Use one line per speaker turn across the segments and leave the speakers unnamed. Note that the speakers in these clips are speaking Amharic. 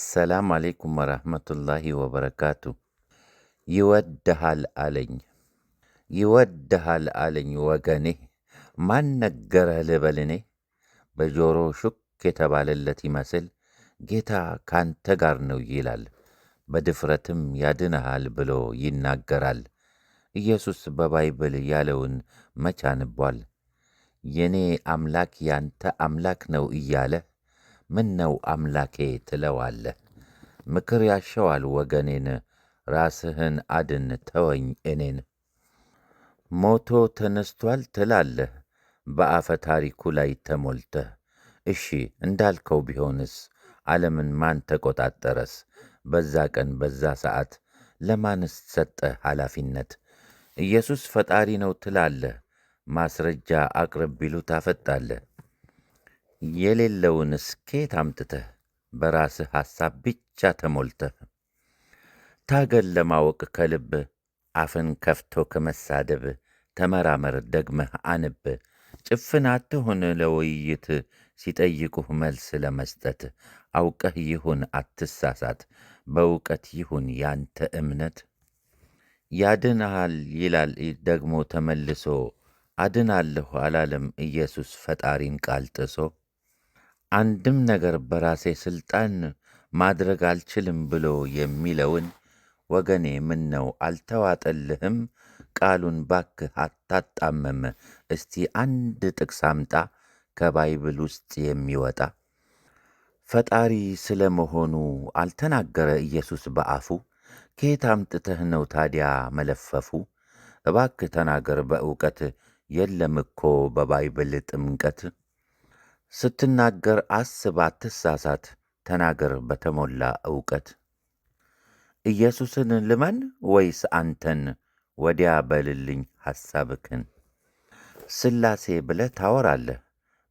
ሰላም አሌይኩም ወረህመቱላሂ ወበረካቱ። ይወድሃል አለኝ ይወድሃል አለኝ ወገኔ፣ ማን ነገረህ ልበል በጆሮ ሹክ የተባለለት ይመስል ጌታ ካንተ ጋር ነው ይላል፣ በድፍረትም ያድንሃል ብሎ ይናገራል። ኢየሱስ በባይብል ያለውን መች አንቧል? የኔ አምላክ ያንተ አምላክ ነው እያለ ምን ነው አምላኬ ትለዋለህ? ምክር ያሸዋል ወገኔን፣ ራስህን አድን ተወኝ እኔን። ሞቶ ተነስቷል ትላለህ በአፈ ታሪኩ ላይ ተሞልተህ። እሺ እንዳልከው ቢሆንስ ዓለምን ማን ተቆጣጠረስ? በዛ ቀን በዛ ሰዓት ለማንስ ሰጠህ ኃላፊነት? ኢየሱስ ፈጣሪ ነው ትላለህ ማስረጃ አቅርብ ቢሉ ታፈጣለህ። የሌለውን ስኬት አምጥተህ በራስህ ሐሳብ ብቻ ተሞልተህ ታገል ለማወቅ ከልብ አፍን ከፍቶ ከመሳደብ ተመራመር ደግመህ አንብ ጭፍን አትሁን ለውይይት ሲጠይቁህ መልስ ለመስጠት አውቀህ ይሁን አትሳሳት በእውቀት ይሁን ያንተ እምነት ያድንሃል ይላል ደግሞ ተመልሶ አድናለሁ አላለም ኢየሱስ ፈጣሪን ቃል ጥሶ አንድም ነገር በራሴ ስልጣን ማድረግ አልችልም ብሎ የሚለውን ወገኔ ምን ነው አልተዋጠልህም? ቃሉን ባክህ አታጣመም። እስቲ አንድ ጥቅስ አምጣ ከባይብል ውስጥ የሚወጣ። ፈጣሪ ስለ መሆኑ አልተናገረ ኢየሱስ በአፉ። ከየት አምጥተህ ነው ታዲያ መለፈፉ? እባክህ ተናገር በእውቀት፣ የለም እኮ በባይብል ጥምቀት። ስትናገር አስብ፣ አትሳሳት። ተናገር በተሞላ ዕውቀት። ኢየሱስን ልመን ወይስ አንተን? ወዲያ በልልኝ ሐሳብክን። ሥላሴ ብለህ ታወራለህ፣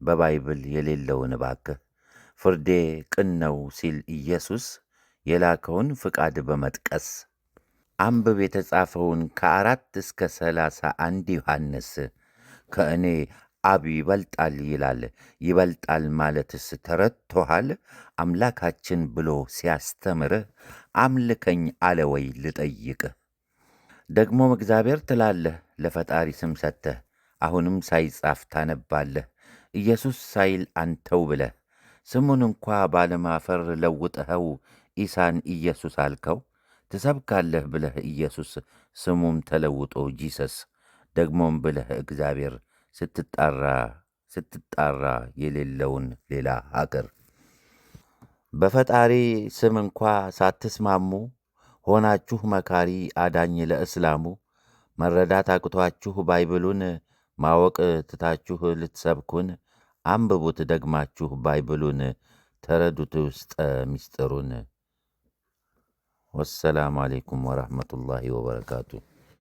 በባይብል የሌለውን እባክህ። ፍርዴ ቅን ነው ሲል ኢየሱስ የላከውን ፍቃድ በመጥቀስ አንብብ የተጻፈውን ከአራት እስከ ሰላሳ አንድ ዮሐንስ ከእኔ አብ ይበልጣል ይላል። ይበልጣል ማለትስ ተረድቶሃል? አምላካችን ብሎ ሲያስተምርህ አምልከኝ አለ ወይ ልጠይቅህ። ደግሞም እግዚአብሔር ትላለህ ለፈጣሪ ስም ሰጥተህ፣ አሁንም ሳይጻፍ ታነባለህ። ኢየሱስ ሳይል አንተው ብለህ ስሙን እንኳ ባለማፈር ለውጠኸው ኢሳን ኢየሱስ አልከው። ትሰብካለህ ብለህ ኢየሱስ ስሙም ተለውጦ ጂሰስ ደግሞም ብለህ እግዚአብሔር ስትጣራ ስትጣራ የሌለውን ሌላ ሀገር በፈጣሪ ስም እንኳ ሳትስማሙ ሆናችሁ መካሪ አዳኝ ለእስላሙ መረዳት አቅቷችሁ ባይብሉን ማወቅ ትታችሁ ልትሰብኩን አንብቡት ደግማችሁ ባይብሉን ተረዱት ውስጠ ሚስጥሩን። ወሰላሙ አሌይኩም ወረሕመቱላሂ ወበረካቱ።